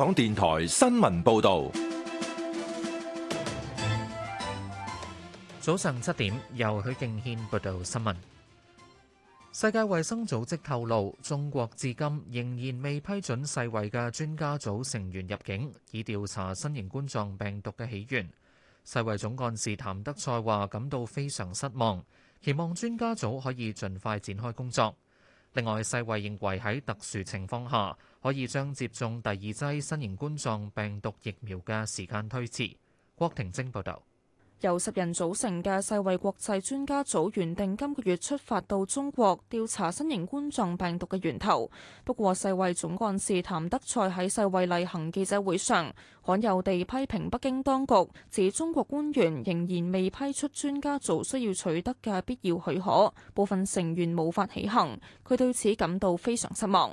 港電台新聞報道，早上七點由許敬軒報道新聞。世界衛生組織透露，中國至今仍然未批准世衛嘅專家組成員入境，以調查新型冠狀病毒嘅起源。世衛總幹事譚德塞話感到非常失望，希望專家組可以盡快展開工作。另外，世衞認為喺特殊情況下，可以將接種第二劑新型冠狀病毒疫苗嘅時間推遲。郭婷晶報導。由十人組成嘅世衛國際專家組原定今個月出發到中國調查新型冠狀病毒嘅源頭。不過，世衛總幹事譚德塞喺世衛例行記者會上罕有地批評北京當局，指中國官員仍然未批出專家組需要取得嘅必要許可，部分成員無法起行。佢對此感到非常失望。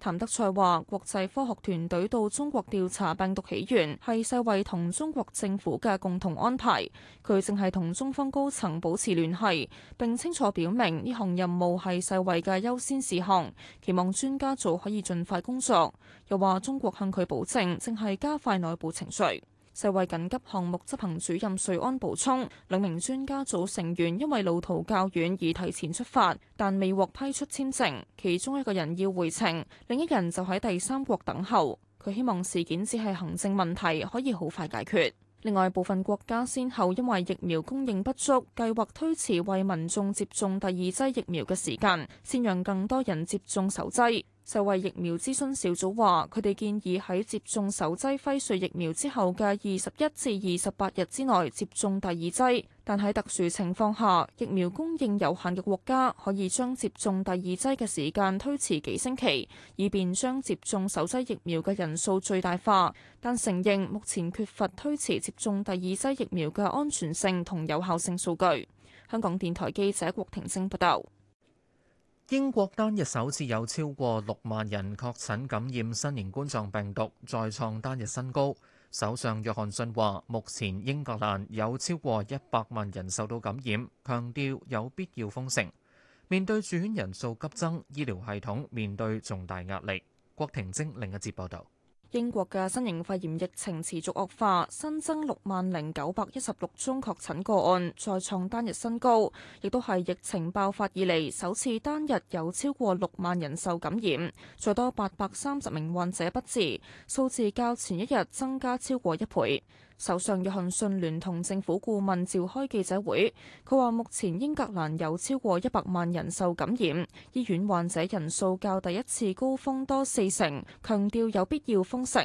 譚德塞話：國際科學團隊到中國調查病毒起源，係世衛同中國政府嘅共同安排。佢正係同中方高層保持聯繫，並清楚表明呢項任務係世衛嘅優先事項。期望專家組可以盡快工作。又話中國向佢保證，正係加快內部程序。世衛緊急項目執行主任瑞安補充，兩名專家組成員因為路途較遠而提前出發，但未獲批出簽證，其中一個人要回程，另一人就喺第三國等候。佢希望事件只係行政問題，可以好快解決。另外，部分國家先後因為疫苗供應不足，計劃推遲為民眾接種第二劑疫苗嘅時間，先讓更多人接種首劑。世衞疫苗諮詢小組話，佢哋建議喺接種首劑輝瑞疫苗之後嘅二十一至二十八日之內接種第二劑。但喺特殊情況下，疫苗供應有限嘅國家可以將接種第二劑嘅時間推遲幾星期，以便將接種首劑疫苗嘅人數最大化。但承認目前缺乏推遲接種第二劑疫苗嘅安全性同有效性數據。香港電台記者郭婷晶報道。英國單日首次有超過六萬人確診感染新型冠狀病毒，再創單日新高。首相約翰遜話：目前英格蘭有超過一百萬人受到感染，強調有必要封城。面對住院人數急增，醫療系統面對重大壓力。郭婷晶另一節報道。英國嘅新型肺炎疫情持續惡化，新增六萬零九百一十六宗確診個案，再創單日新高，亦都係疫情爆發以嚟首次單日有超過六萬人受感染，再多八百三十名患者不治，數字較前一日增加超過一倍。首相約翰遜聯同政府顧問召開記者會，佢話目前英格蘭有超過一百萬人受感染，醫院患者人數較第一次高峰多四成，強調有必要封城。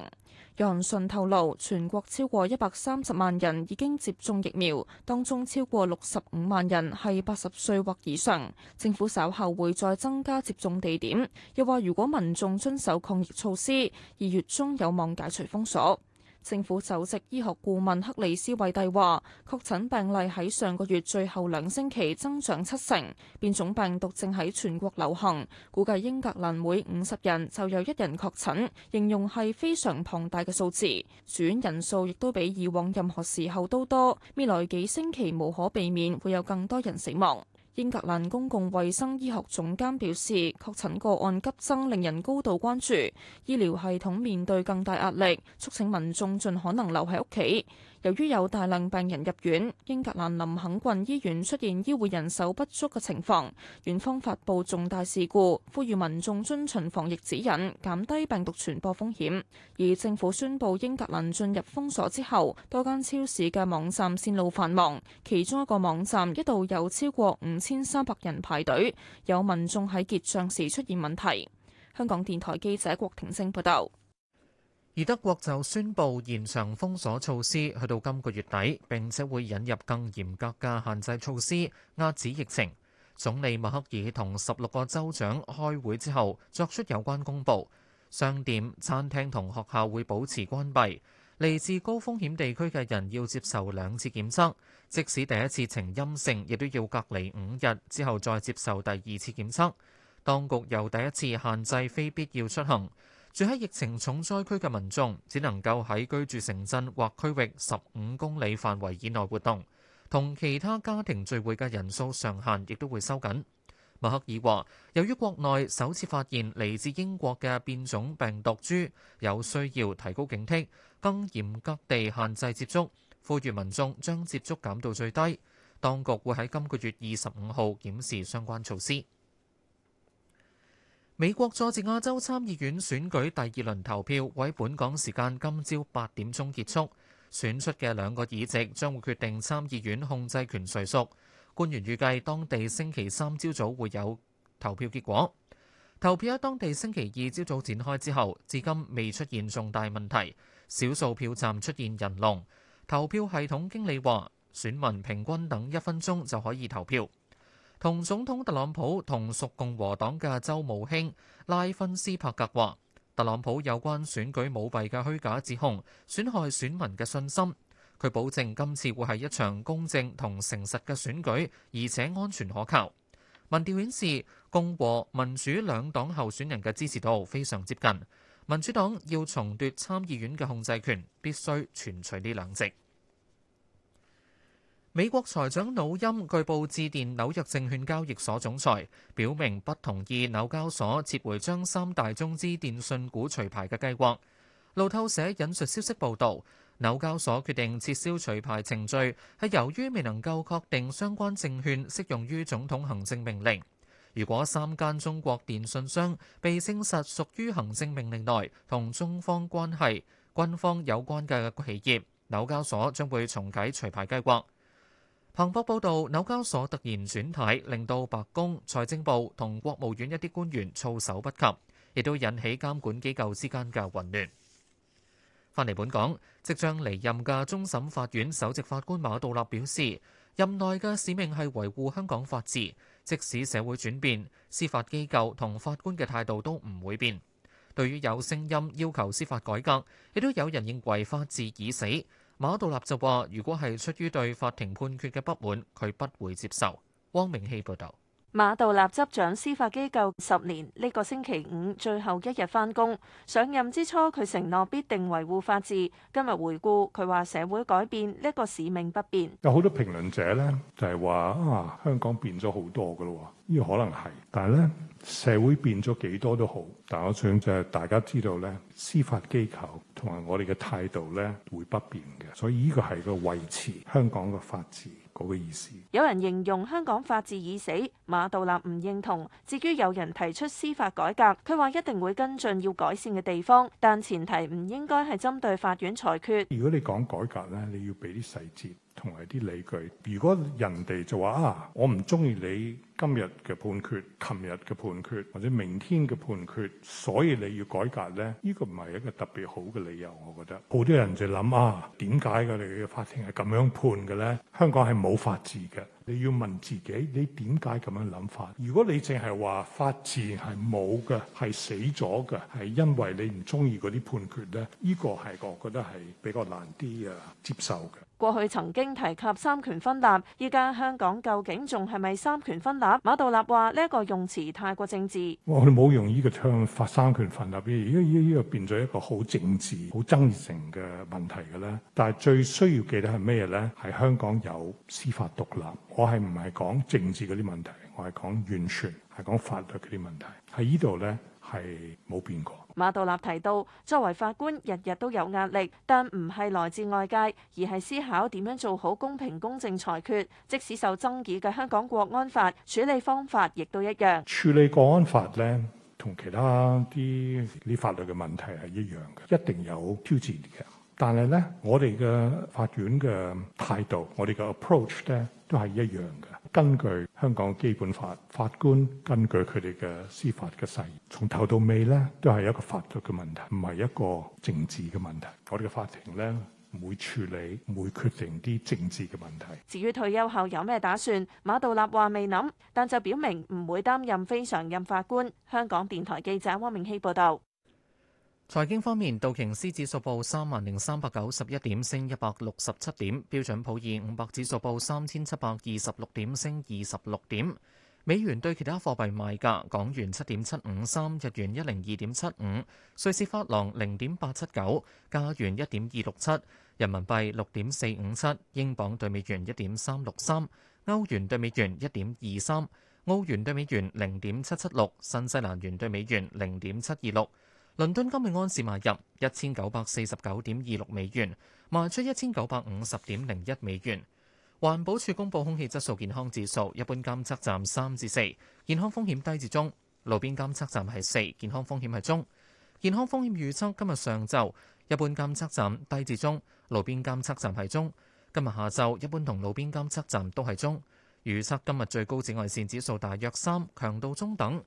約翰遜透露，全國超過一百三十萬人已經接種疫苗，當中超過六十五萬人係八十歲或以上。政府稍後會再增加接種地點，又話如果民眾遵守抗疫措施，二月中有望解除封鎖。政府首席醫學顧問克里斯惠蒂話，確診病例喺上個月最後兩星期增長七成，變種病毒正喺全國流行。估計英格蘭每五十人就有一人確診，形容係非常龐大嘅數字。住院人數亦都比以往任何時候都多，未來幾星期無可避免會有更多人死亡。英格蘭公共衛生醫學總監表示，確診個案急增，令人高度關注，醫療系統面對更大壓力，促請民眾盡可能留喺屋企。由於有大量病人入院，英格蘭林肯郡醫院出現醫護人手不足嘅情況，院方發布重大事故，呼籲民眾遵循防疫指引，減低病毒傳播風險。而政府宣布英格蘭進入封鎖之後，多間超市嘅網站線路繁忙，其中一個網站一度有超過五千三百人排隊，有民眾喺結帳時出現問題。香港電台記者郭婷晶報道。而德國就宣布延長封鎖措施去到今個月底，並且會引入更嚴格嘅限制措施，壓止疫情。總理默克爾同十六個州長開會之後作出有關公佈，商店、餐廳同學校會保持關閉。嚟自高風險地區嘅人要接受兩次檢測，即使第一次呈陰性，亦都要隔離五日之後再接受第二次檢測。當局又第一次限制非必要出行。住喺疫情重災區嘅民眾只能夠喺居住城鎮或區域十五公里範圍以內活動，同其他家庭聚會嘅人數上限亦都會收緊。默克爾話，由於國內首次發現嚟自英國嘅變種病毒株，有需要提高警惕，更嚴格地限制接觸，呼籲民眾將接觸減到最低。當局會喺今個月二十五號檢視相關措施。美國佐治亞州參議院選舉第二輪投票喺本港時間今朝八點鐘結束，選出嘅兩個議席將會決定參議院控制權誰屬。官員預計當地星期三朝早會有投票結果。投票喺當地星期二朝早展開之後，至今未出現重大問題，少數票站出現人龍。投票系統經理話，選民平均等一分鐘就可以投票。同總統特朗普同屬共和黨嘅州務卿拉芬斯帕格話：特朗普有關選舉舞弊嘅虛假指控，損害選民嘅信心。佢保證今次會係一場公正同誠實嘅選舉，而且安全可靠。民調顯示共和民主兩黨候選人嘅支持度非常接近。民主黨要重奪參議院嘅控制權，必須全取呢兩席。美國財長努欽據報致電紐約證券交易所總裁，表明不同意紐交所撤回將三大中資電信股除牌嘅計劃。路透社引述消息報道，紐交所決定撤銷除牌程序，係由於未能夠確定相關證券適用於總統行政命令。如果三間中國電信商被證實屬於行政命令內同中方關係、軍方有關嘅企業，紐交所將會重啓除牌計劃。彭博報道，紐交所突然轉態，令到白宮、財政部同國務院一啲官員措手不及，亦都引起監管機構之間嘅混亂。翻嚟本港，即將離任嘅終審法院首席法官馬道立表示，任內嘅使命係維護香港法治，即使社會轉變，司法機構同法官嘅態度都唔會變。對於有聲音要求司法改革，亦都有人認為法治已死。馬道立就話：如果係出於對法庭判決嘅不滿，佢不會接受。汪明希報道，馬道立執掌司法機構十年，呢個星期五最後一日翻工。上任之初，佢承諾必定維護法治。今日回顧，佢話社會改變呢個使命不變。有好多評論者咧，就係話啊，香港變咗好多噶咯，呢個可能係，但係咧社會變咗幾多都好。但我想就係大家知道咧，司法機構。同埋我哋嘅態度咧，會不變嘅，所以呢個係個維持香港嘅法治嗰個意思。有人形容香港法治已死，馬道立唔認同。至於有人提出司法改革，佢話一定會跟進要改善嘅地方，但前提唔應該係針對法院裁決。如果你講改革咧，你要俾啲細節同埋啲理據。如果人哋就話啊，我唔中意你。今日嘅判決、琴日嘅判決或者明天嘅判決，所以你要改革呢。呢個唔係一個特別好嘅理由，我覺得。好多人就諗啊，點解佢哋嘅法庭係咁樣判嘅呢？香港係冇法治嘅，你要問自己，你點解咁樣諗法？如果你淨係話法治係冇嘅，係死咗嘅，係因為你唔中意嗰啲判決呢。呢個係我覺得係比較難啲嘅接受嘅。過去曾經提及三權分立，依家香港究竟仲係咪三權分立？啊、馬道立話：呢、這、一個用詞太過政治，我哋冇用呢個槍法、三權分立，而依家呢個變咗一個好政治、好爭議性嘅問題嘅咧。但係最需要記得係咩嘢咧？係香港有司法獨立。我係唔係講政治嗰啲問題，我係講完全係講法律嗰啲問題。喺呢度咧係冇變過。馬道立提到，作為法官，日日都有壓力，但唔係來自外界，而係思考點樣做好公平公正裁決。即使受爭議嘅香港國安法處理方法，亦都一樣。處理國安法咧，同其他啲啲法律嘅問題係一樣嘅，一定有標準嘅。但係咧，我哋嘅法院嘅態度，我哋嘅 approach 咧，都係一樣嘅，根據香港基本法法官，根據佢哋嘅司法嘅誓言，從頭到尾咧都係一個法律嘅問題，唔係一個政治嘅問題，我哋嘅法庭咧唔會處理、唔會決定啲政治嘅問題。至於退休後有咩打算，馬道立話未諗，但就表明唔會擔任非常任法官。香港電台記者汪明熙報道。財經方面，道瓊斯指數報三萬零三百九十一點，升一百六十七點；標準普爾五百指數報三千七百二十六點，升二十六點。美元對其他貨幣賣價：港元七點七五三，日元一零二點七五，瑞士法郎零點八七九，加元一點二六七，人民幣六點四五七，英鎊兌美元一點三六三，歐元兌美元一點二三，澳元兌美元零點七七六，新西蘭元兌美元零點七二六。倫敦今日安士買入一千九百四十九點二六美元，賣出一千九百五十點零一美元。環保署公布空氣質素健康指數，一般監測站三至四，健康風險低至中；路邊監測站係四，健康風險係中。健康風險預測今日上晝一般監測站低至中，路邊監測站係中。今日下晝一般同路邊監測站都係中。預測今日最高紫外線指數大約三，強度中等。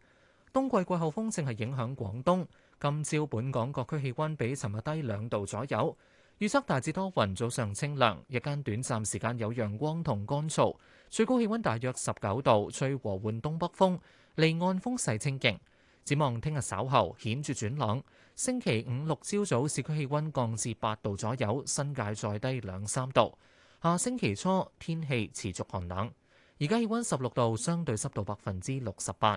冬季季候風正係影響廣東。今朝本港各區氣溫比尋日低兩度左右，預測大致多雲，早上清涼，日間短暫時間有陽光同乾燥，最高氣溫大約十九度，吹和緩東北風，離岸風勢清勁。展望聽日稍後顯著轉冷，星期五六朝早市區氣溫降至八度左右，新界再低兩三度。下星期初天氣持續寒冷，而家氣溫十六度，相對濕度百分之六十八。